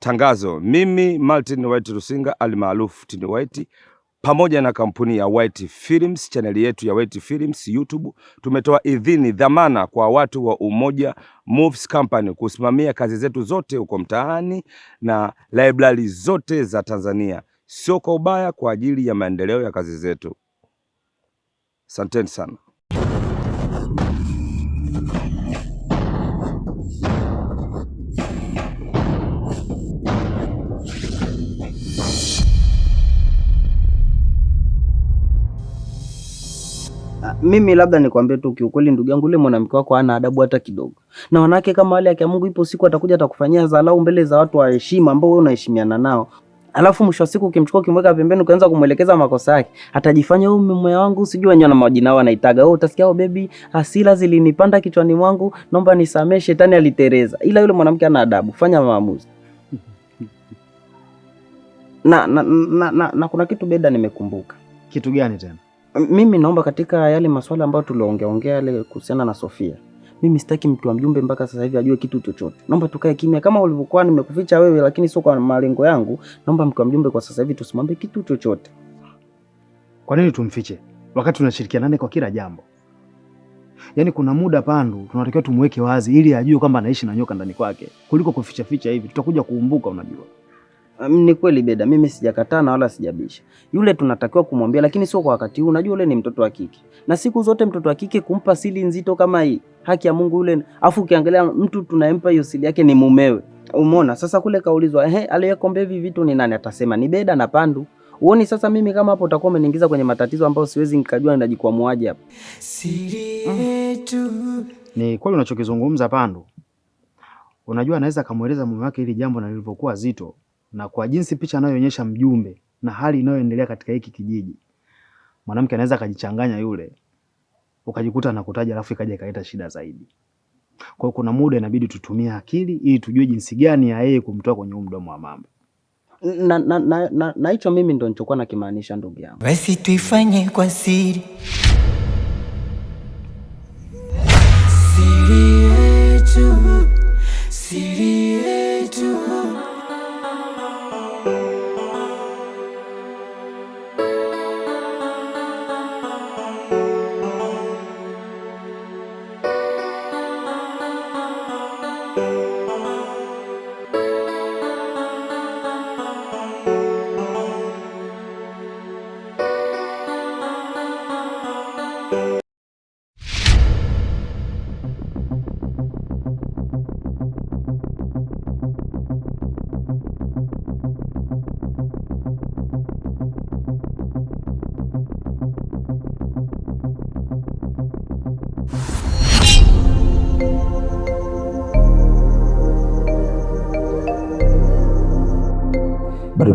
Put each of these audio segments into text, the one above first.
Tangazo: mimi Martin White Rusinga almaarufu Tini White, pamoja na kampuni ya White Films, chaneli yetu ya White Films YouTube, tumetoa idhini dhamana kwa watu wa Umoja Movies Company kusimamia kazi zetu zote huko mtaani na library zote za Tanzania, sio kwa ubaya, kwa ajili ya maendeleo ya kazi zetu. Asanteni sana. Mimi labda nikwambie tu kiukweli, ndugu yangu, yule mwanamke wako hana adabu hata kidogo, na wanawake kama wale akia Mungu, ipo siku atakuja atakufanyia dharau mbele za watu wa heshima ambao wewe unaheshimiana nao, alafu mwisho wa siku ukimchukua ukimweka pembeni, ukaanza kumwelekeza makosa yake, atajifanya wewe mume wangu sijui wenyewe na majina wao anaitaga wewe, utasikia wewe, oh, baby, hasira zilinipanda kichwani mwangu, naomba nisamee, shetani alitereza. Ila yule mwanamke ana adabu, fanya maamuzi na na, na, na, na, na kuna kitu Beda nimekumbuka. Kitu gani tena? Mimi naomba katika yale masuala ambayo tuliongeaongea yale kuhusiana na Sofia, mimi sitaki mtu wa mjumbe mpaka sasa hivi ajue kitu chochote. Naomba tukae kimya kama ulivyokuwa nimekuficha wewe, lakini sio kwa malengo yangu. Naomba mtu wa mjumbe kwa sasa hivi tusimwambie kitu chochote. Kwa nini tumfiche wakati tunashirikiana naye kwa kila jambo? Yaani kuna muda Pandu tunatakiwa tumweke wazi ili ajue kwamba anaishi na nyoka ndani kwake, kuliko kufichaficha hivi. Tutakuja kuumbuka, unajua ni kweli Beda, mimi sijakataa na wala sijabisha. Yule tunatakiwa kumwambia, lakini sio kwa wakati huu. Unajua yule ni mtoto wa kike, na siku zote mtoto wa kike kumpa siri nzito kama hii, haki ya Mungu yule. Afu ukiangalia mtu tunayempa hiyo siri yake ni mumewe, umeona? Sasa kule kaulizwa, ehe, aliyekombea hivi vitu ni nani? Atasema ni Beda na Pandu. Uoni sasa, mimi kama hapo utakuwa umeniingiza kwenye matatizo ambayo siwezi nikajua ninajikwamuaje hapo. Siri mm. yetu mm. ni kweli unachokizungumza Pandu. Unajua anaweza akamweleza mume wake hili jambo na lilivyokuwa zito na kwa jinsi picha anayoonyesha mjumbe na hali inayoendelea katika hiki kijiji, mwanamke anaweza akajichanganya yule, ukajikuta anakutaja alafu ikaja ikaleta shida zaidi. Kwa hiyo kuna muda inabidi tutumie akili ili tujue jinsi gani ya yeye kumtoa kwenye huu mdomo wa mama. na hicho na, na, na, mimi ndo nilichokuwa nakimaanisha ndugu yangu. Basi tuifanye kwa siri. Siri yetu, siri yetu.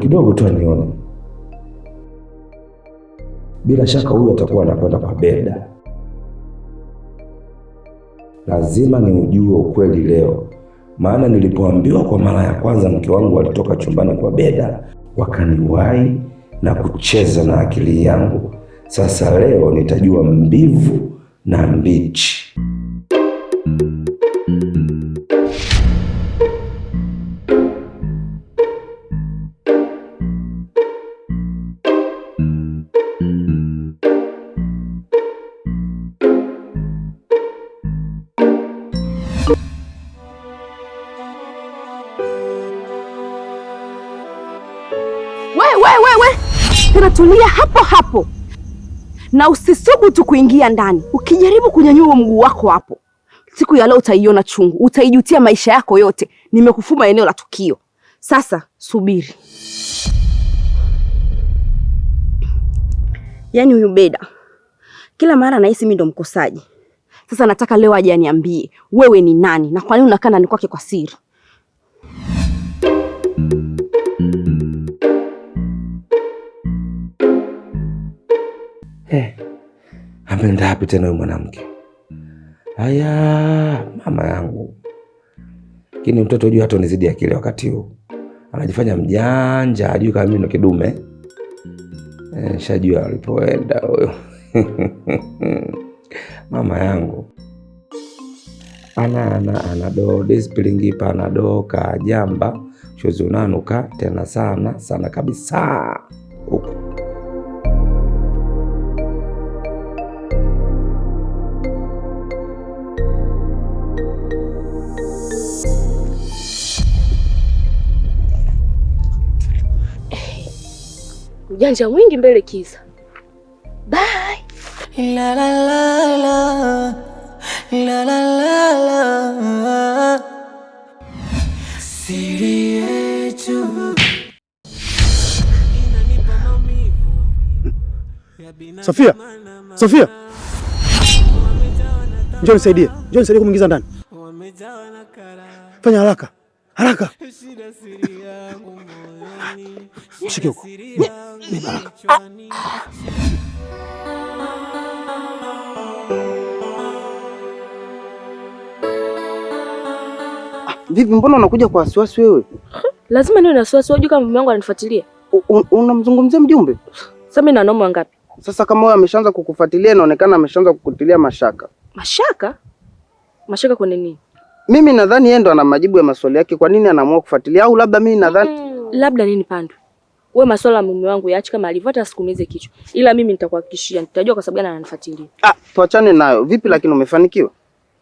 kidogo tu anione. Bila shaka huyu atakuwa anakwenda kwa Beda. Lazima ni ujue ukweli leo, maana nilipoambiwa kwa mara ya kwanza mke wangu alitoka chumbani kwa Beda wakaniwahi na kucheza na akili yangu. Sasa leo nitajua mbivu na mbichi. Tulia hapo hapo na tu kuingia ndani. Ukijaribu kunyanyua mguu wako hapo, siku ya leo utaiona chungu, utaijutia maisha yako yote. Nimekufuma eneo la tukio. Sasa subiri. Yaani huyu Beda kila mara nahisi mimi ndo mkosaji. Sasa nataka leo aje aniambie wewe ni nani na kwa nini unakaa ndani kwake kwa siri. Unaenda wapi tena huyu mwanamke? Haya, mama yangu, lakini mtoto juu hata unizidi akili, wakati huu anajifanya mjanja, ajui kama mimi ndo kidume. E, eh, shajua alipoenda huyo mama yangu ana ana anadoo disipilingipa anadoo kajamba shozi unanuka tena sana sana kabisa huko Ujanja mwingi mbele kiza. Bye. La la la la. La la la la. Siri yetu. Sofia, Sofia, Njoo nisaidie. Njoo nisaidie kumwingiza ndani. Fanya haraka haraka. Shike huko ni baraka. Ah, vipi, mbona unakuja kwa wasiwasi wewe? Lazima niwe na wasiwasi, wajua kama mume wangu ananifuatilia. Unamzungumzia mjumbe? Sasa mimi na ngapi? Sasa kama wewe ameshaanza kukufuatilia, inaonekana ameshaanza kukutilia mashaka. Mashaka? Mashaka kwa nini? Mimi nadhani yeye ndo ana majibu ya maswali yake, kwa nini anaamua kufuatilia? Au labda mimi nadhani mm, labda nini Pandu, wewe maswala ya mume wangu yaache kama alivyo, hata sikumize kichwa, ila mimi nitakuhakikishia, nitajua kwa sababu gani ananifuatilia. Ah, tuachane nayo. Vipi lakini umefanikiwa?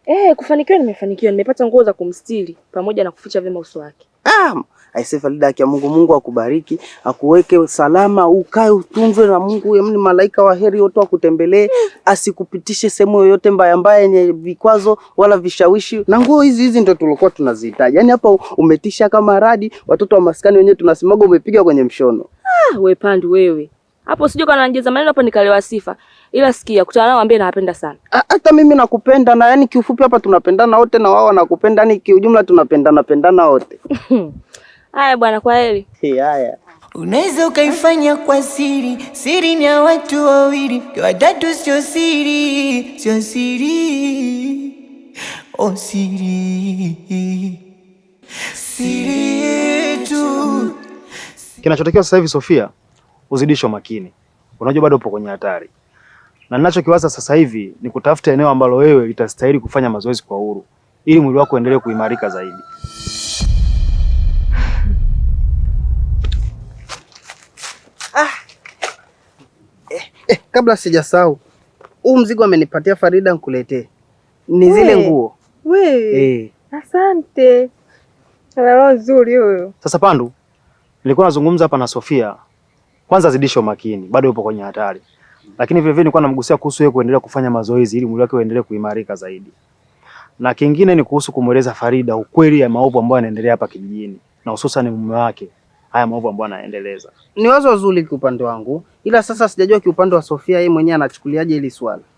Eh, kufanikiwa nimefanikiwa, nimepata nguo za kumstiri pamoja na kuficha vyema uso wake. Naam. aise Farida, akia Mungu, Mungu akubariki, akuweke salama, ukae utunzwe na Mungu. yamni malaika wa heri, wote akutembelee, asikupitishe sehemu yoyote mbaya mbaya yenye vikwazo wala vishawishi. Na nguo hizi hizi ndio tulikuwa tunazihitaji. Yaani hapa umetisha kama radi, watoto wa maskani wenyewe tunasimaga, umepiga kwenye mshono. Ah, we Pandu wewe hapo sijui kana anjeza maneno hapo nikalewa sifa. Ila sikia kutana nao ambie nawapenda sana. Ah, hata mimi nakupenda na yani kiufupi hapa tunapendana wote na wao wanakupenda yani kiujumla tunapendana pendana wote. Haya bwana kwa heri. Haya. Unaweza ukaifanya kwa siri, siri ni ya watu wawili, kwa watatu sio siri, sio siri. Oh siri. Siri yetu. sasa hivi Sofia uzidisho makini Unajua bado upo kwenye hatari, na ninachokiwaza sasa hivi ni kutafuta eneo ambalo wewe litastahili kufanya mazoezi kwa uhuru ili mwili wako uendelee kuimarika zaidi. Ah. Eh, eh, kabla sijasahau huu mzigo amenipatia Farida nikuletee, ni zile nguo. Eh. Asante. Nzuri huyo. Sasa Pandu, nilikuwa nazungumza hapa na Sofia kwanza zidisha umakini, bado yupo kwenye hatari. Lakini vile vile nilikuwa namgusia kuhusu yeye kuendelea kufanya mazoezi ili mwili wake uendelee kuimarika zaidi. Na kingine ni kuhusu kumweleza Farida ukweli ya maovu ambayo yanaendelea hapa kijijini na hususan mume wake. Haya maovu ambayo anaendeleza. Ni wazo zuri kwa upande wangu, ila sasa sijajua kwa upande wa Sofia yeye mwenyewe anachukuliaje hili swala.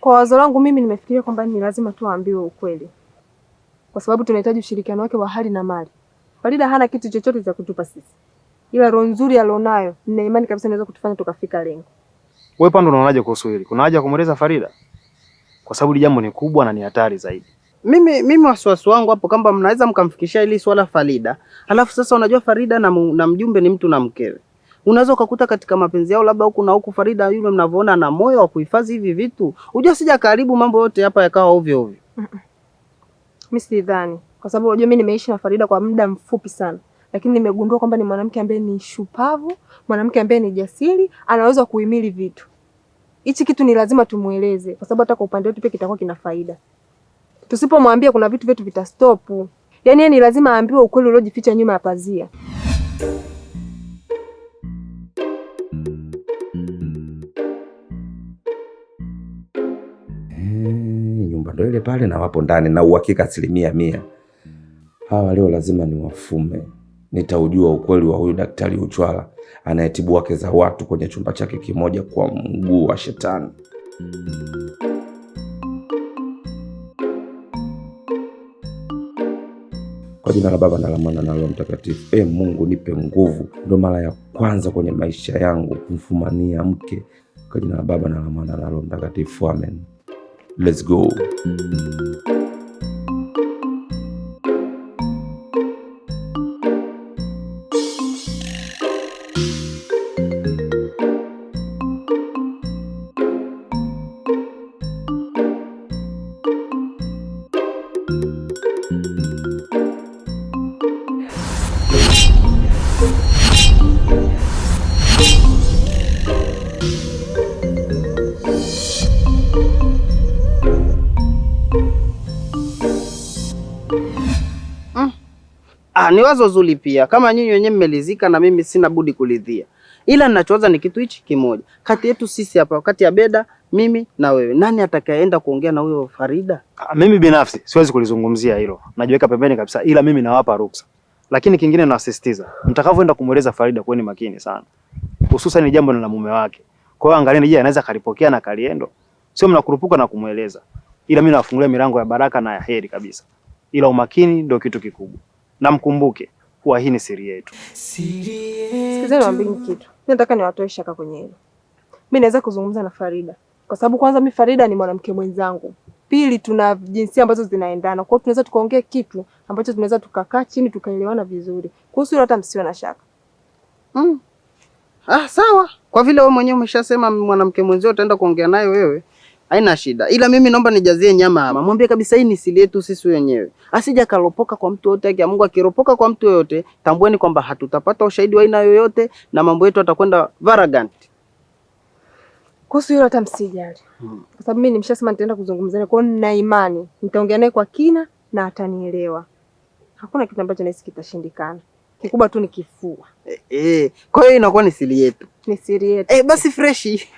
Kwa wazo langu mimi nimefikiria kwamba ni lazima tu aambiwe ukweli, kwa sababu tunahitaji ushirikiano wake wa hali na mali. Farida hana kitu chochote cha kutupa sisi ila roho nzuri alionayo nina imani kabisa inaweza kutufanya tukafika lengo. Wewe pande unaonaje kuhusu hili? Kuna haja kumweleza Farida? Kwa sababu jambo ni kubwa na ni hatari zaidi. Mimi mimi wasiwasi wangu hapo kwamba mnaweza mkamfikishia ili swala Farida, alafu sasa unajua Farida na, na mjumbe ni mtu na mkewe unaweza ukakuta katika mapenzi yao labda huku na huku, Farida yule mnavyoona ana moyo wa kuhifadhi hivi vitu, unajua sija karibu mambo yote hapa yakawa ovyo ovyo. Mimi sidhani, kwa sababu unajua mimi nimeishi na Farida kwa muda mfupi sana lakini nimegundua kwamba ni mwanamke ambaye ni shupavu, mwanamke ambaye ni jasiri, anaweza kuhimili vitu. Hichi kitu ni lazima tumueleze, kwa sababu hata kwa upande wetu pia kitakuwa kina faida. Tusipomwambia kuna vitu vyetu vitastopu. Yaani ni lazima aambiwe ukweli uliojificha nyuma ya pazia. Eh, nyumba ndo ile pale na wapo ndani na uhakika asilimia mia. Hawa leo lazima niwafume nitaujua ukweli wa huyu daktari Uchwala anayetibu wake za watu kwenye chumba chake kimoja kwa mguu wa shetani. Kwa jina la Baba na la Mwana na Roho Mtakatifu. E Mungu, nipe nguvu. Ndo mara ya kwanza kwenye maisha yangu kumfumania mke. Kwa jina la Baba na la Mwana na Roho Mtakatifu, amen. Let's go. Mm. Ah, ni wazo zuri pia. Kama nyinyi wenyewe mmelizika na mimi sina budi kulidhia. Ila ninachowaza ni kitu hichi kimoja. Kati yetu sisi hapa, kati ya Beda mimi na wewe, nani atakayeenda kuongea na huyo Farida? Ah, mimi binafsi siwezi kulizungumzia hilo, najiweka pembeni kabisa, ila mimi nawapa ruksa. Lakini kingine nasisitiza, mtakavyoenda kumweleza Farida kuweni makini sana, hususan ni jambo la mume wake. Kwa hiyo angalieni, je, anaweza kalipokea na kaliendo, sio mnakurupuka na kumweleza, ila mimi nawafungulia milango ya baraka na ya heri kabisa, ila umakini ndio kitu kikubwa, na mkumbuke kuwa hii ni siri yetu. Sikizeni, niwaambie kitu, mimi nataka niwatoe shaka kwenye hilo. Mimi naweza kuzungumza na Farida kwa sababu kwanza mi Farida ni mwanamke mwenzangu, pili tuna jinsia ambazo zinaendana, kwa hiyo tunaweza tukaongea kitu ambacho tunaweza tukakaa chini tukaelewana vizuri kuhusu hilo, hata msiwe na shaka mm. Ah, sawa. Kwa vile wewe mwenyewe umeshasema mwanamke mwenzio utaenda kuongea naye wewe, haina shida, ila mimi naomba nijazie nyama hapa, mwambie kabisa hii ni siri yetu sisi wenyewe, asija kalopoka kwa mtu yote. Haki Mungu, akiropoka kwa mtu yoyote, tambueni kwamba hatutapata ushahidi wa aina yoyote na mambo yetu atakwenda varagant. Kuhusu hilo hata msijali, hmm. kwa sababu mimi nimeshasema nitaenda kuzungumza naye. Kwa hiyo nina imani nitaongea naye kwa kina na atanielewa. Hakuna kitu ambacho nahisi kitashindikana, kikubwa tu ni kifua. Eh, eh. Kwa hiyo inakuwa ni siri yetu, ni siri yetu. Eh, basi freshi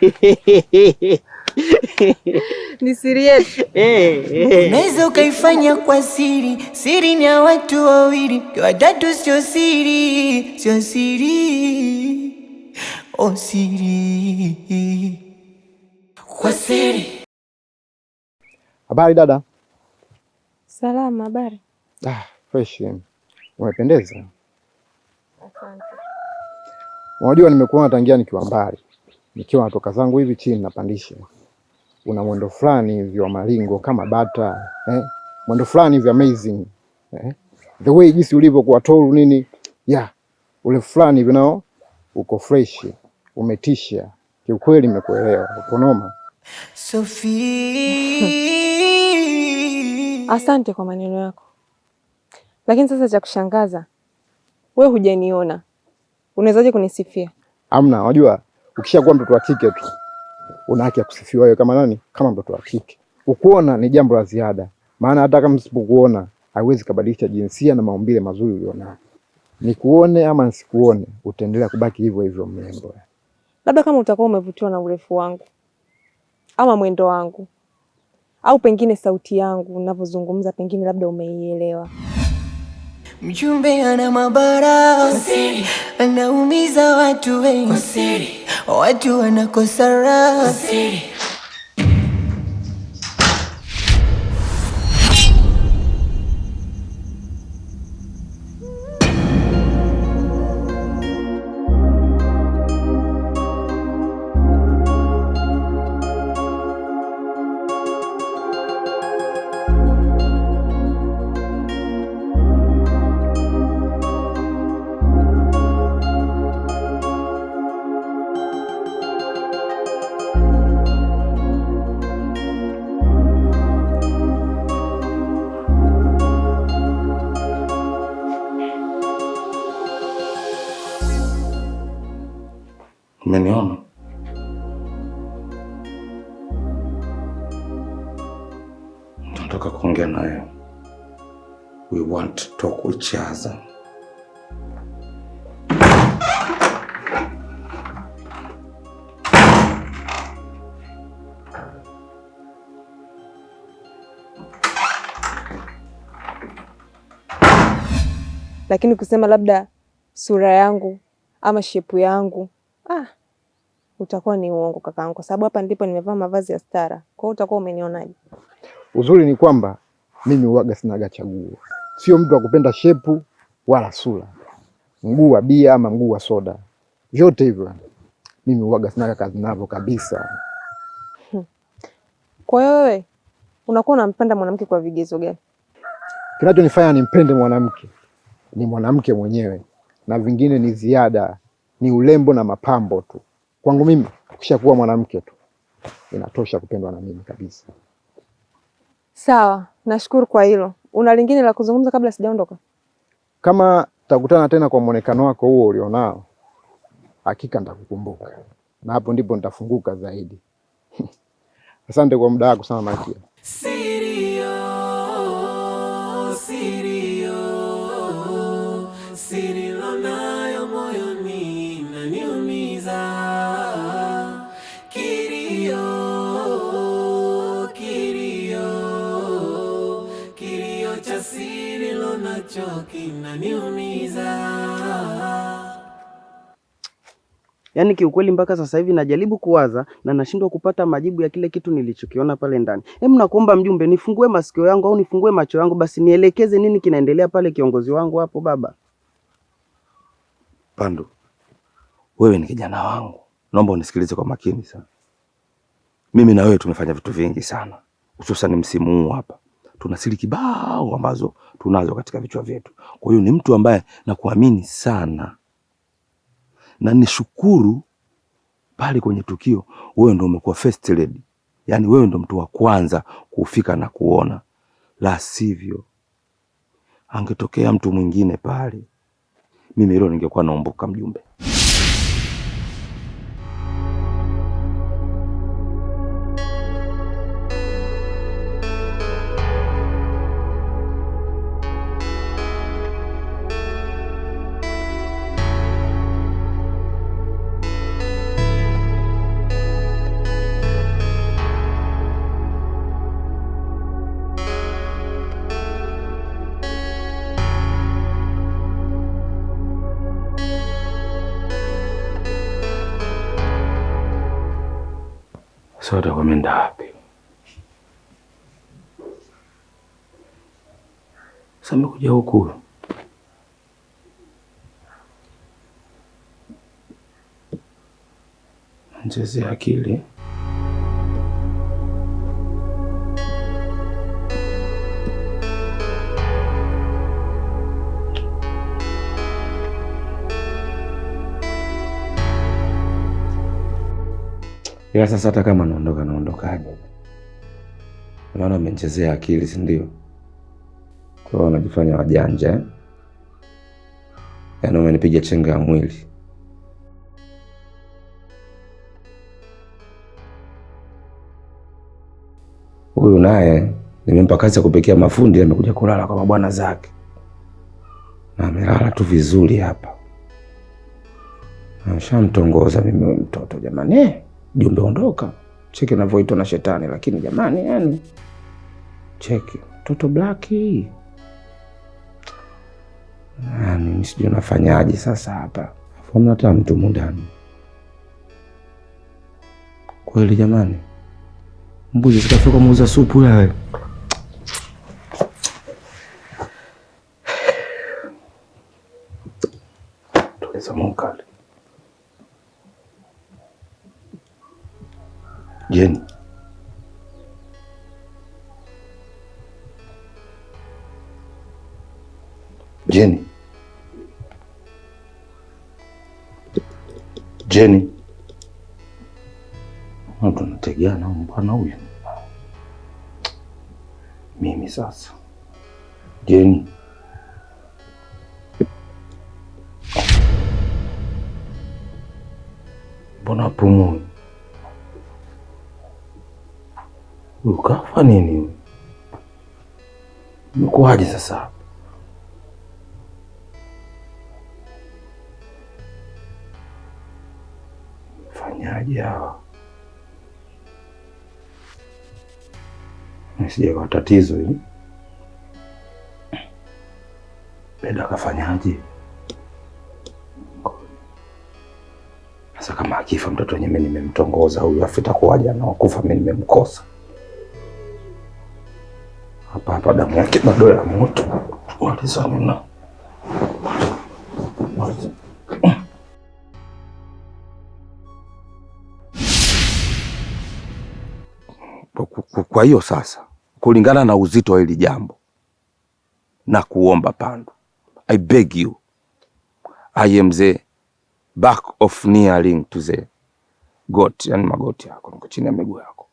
ni siri yetu. Eh, eh. Unaweza ukaifanya kwa siri, siri ni ya watu wawili, kwa watatu sio siri, sio siri, oh siri kwa siri. Habari dada. Salama. Habari. Ah, fresh. Umependeza. Asante. Unajua, nimekuona tangia nikiwa mbali, nikiwa natoka zangu hivi chini napandisha. Una mwendo fulani hivi wa maringo kama bata eh? Mwendo fulani hivi amazing eh? The way jinsi ulivyokuwa tolu nini yeah. Ule fulani hivi nao uko fresh, umetisha kiukweli, nimekuelewa uponoma. Asante kwa maneno yako, lakini sasa cha kushangaza we hujaniona, unawezaje kunisifia? Amna, unajua ukishakuwa mtoto wa kike tu una haki ya kusifiwa wewe kama nani? Kama mtoto wa kike. Ukuona ni jambo la ziada, maana hata kama sipokuona haiwezi kabadilisha jinsia na maumbile mazuri ulionayo. Nikuone ama nisikuone, utaendelea kubaki hivyo hivyo mrembo, labda kama utakuwa umevutiwa na urefu wangu ama mwendo wangu au pengine sauti yangu ninavyozungumza, pengine labda umeielewa. Mjumbe ana mabara, anaumiza watu wengi, watu wanakosara kuchaza. Lakini kusema labda sura yangu ama shepu yangu ah, utakuwa ni uongo kakaangu, kwa sababu hapa ndipo nimevaa mavazi ya stara. Kwa hiyo utakuwa umenionaje? Uzuri ni kwamba mimi uwaga sinaga chaguo sio mtu wa kupenda shepu wala sura, mguu wa bia ama mguu wa soda, vyote hivyo mimi uwaga sina kazi navyo kabisa. Kwa hiyo wewe unakuwa unampenda mwanamke kwa vigezo gani? Kinachonifanya nimpende mwanamke ni mwanamke mwenyewe, na vingine ni ziada, ni urembo na mapambo tu. Kwangu mimi kuwa mwanamke tu inatosha kupendwa na mimi kabisa. Sawa, nashukuru kwa hilo. Una lingine la kuzungumza kabla sijaondoka? Kama tutakutana tena kwa mwonekano wako huo ulionao, hakika nitakukumbuka na hapo ndipo nitafunguka zaidi. Asante kwa muda wako sana Malkia. unaniumiza. Yaani kiukweli mpaka sasa hivi najaribu kuwaza na nashindwa kupata majibu ya kile kitu nilichokiona pale ndani. na nakuomba mjumbe, nifungue masikio yangu au nifungue macho yangu, basi nielekeze nini kinaendelea pale. Kiongozi wangu hapo, baba Pandu, wewe ni kijana wangu, naomba unisikilize kwa makini sana. Mimi na wewe tumefanya vitu vingi sana, hususan msimu huu hapa tuna siri kibao ambazo tunazo katika vichwa vyetu. Kwa hiyo ni mtu ambaye nakuamini sana na nishukuru pale kwenye tukio, wewe ndo umekuwa first lady, yaani wewe ndo mtu wa kwanza kufika na kuona, la sivyo angetokea mtu mwingine pale, mimi hilo ningekuwa naumbuka mjumbe. Watoka wameenda wapi? Samekuja huku nchezea akili. Ila sasa hata kama naondoka, naondokaje? Maana umenichezea akili, si ndio? Kwa hiyo unajifanya wajanja eh? Yaani umenipiga chenga ya mwili. Huyu naye nimempa kazi ya kupikia mafundi, amekuja kulala kwa mabwana zake na amelala tu vizuri hapa, ashamtongoza mimi mtoto jamani. Eh? jumbe ondoka. Cheki navyoitwa na shetani. Lakini jamani, yani cheki mtoto blaki yani, sijui nafanyaje sasa hapa, hamna hata mtu mundani kweli. Jamani, mbuzi zikafika muuza supu yawe Jeni, Jeni, Jeni, tunategeana mbwana huyu mimi sasa. Jeni, mbona pumui Ukafa nini? Mkuaje sasa? Fanyaje hawa? kwa tatizo hili. Beda kafanyaje? Sasa kama akifa mtoto wenyewe nimemtongoza huyu, afu itakuwaje? Anakufa mimi nimemkosa hapa, damu yake bado ya moto. Malizana kwa hiyo sasa, kulingana na uzito wa hili jambo, na kuomba Pandu, I beg you, I am the back of nearing to the goat, yani magoti yako niko chini ya miguu yako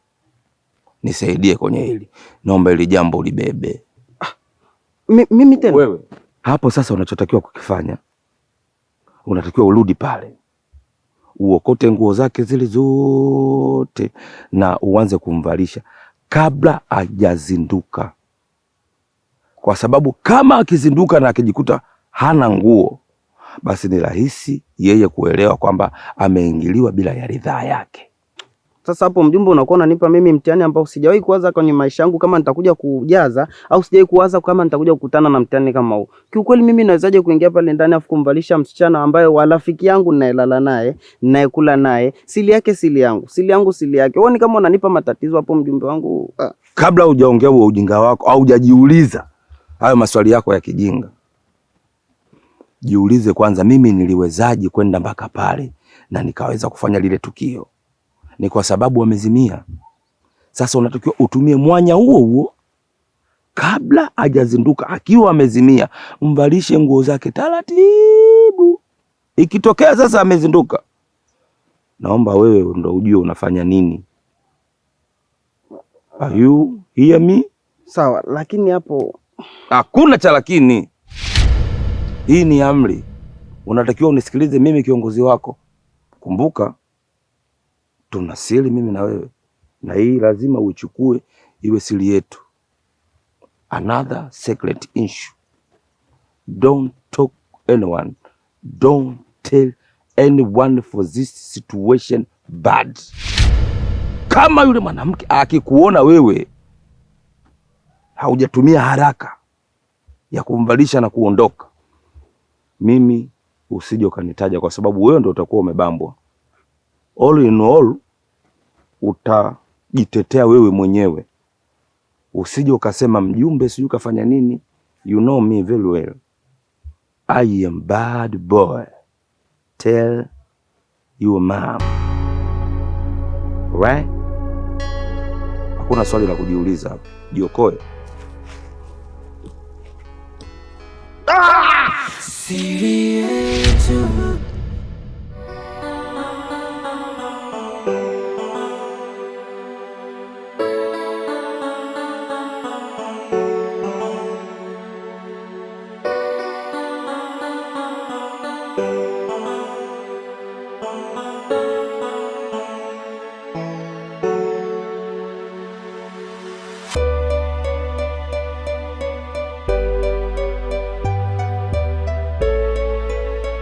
nisaidie kwenye hili, naomba hili jambo ulibebe. Ah, mimi tena wewe? Hapo sasa unachotakiwa kukifanya, unatakiwa urudi pale uokote nguo zake zile zote na uanze kumvalisha kabla hajazinduka, kwa sababu kama akizinduka na akijikuta hana nguo, basi ni rahisi yeye kuelewa kwamba ameingiliwa bila ya ridhaa yake. Sasa hapo mjumbe, unakuwa unanipa mimi mtihani ambao sijawahi kuwaza kwenye maisha yangu kama nitakuja kujaza, au sijawahi kuwaza kama nitakuja kukutana na mtihani kama huu. Kiukweli mimi nawezaje kuingia pale ndani afu kumvalisha msichana ambaye wa rafiki yangu ninayelala naye, ninayekula naye, sili yake sili yangu, sili yangu sili yake. Wewe ni kama unanipa matatizo hapo mjumbe wangu. Ah. kabla hujaongea huo ujinga wako au hujajiuliza hayo maswali yako ya kijinga, jiulize kwanza, mimi niliwezaje kwenda mpaka pale na nikaweza kufanya lile tukio ni kwa sababu wamezimia. Sasa unatakiwa utumie mwanya huo huo kabla hajazinduka. Akiwa amezimia, mvalishe nguo zake taratibu. Ikitokea sasa amezinduka, naomba wewe ndo ujue unafanya nini. Are you hear me? Sawa, lakini hapo hakuna cha lakini. Hii ni amri, unatakiwa unisikilize mimi, kiongozi wako. Kumbuka tuna siri mimi na wewe, na hii lazima uichukue iwe siri yetu. Another secret issue, don't talk anyone, don't tell anyone for this situation bad. Kama yule mwanamke akikuona wewe haujatumia haraka ya kumvalisha na kuondoka, mimi usije ukanitaja, kwa sababu wewe ndio utakuwa umebambwa. All in all, utajitetea wewe mwenyewe, usije ukasema mjumbe sijui kafanya nini. You know me very well, I am bad boy, tell your mom right? Hakuna swali la kujiuliza hapo, jiokoe. Ah!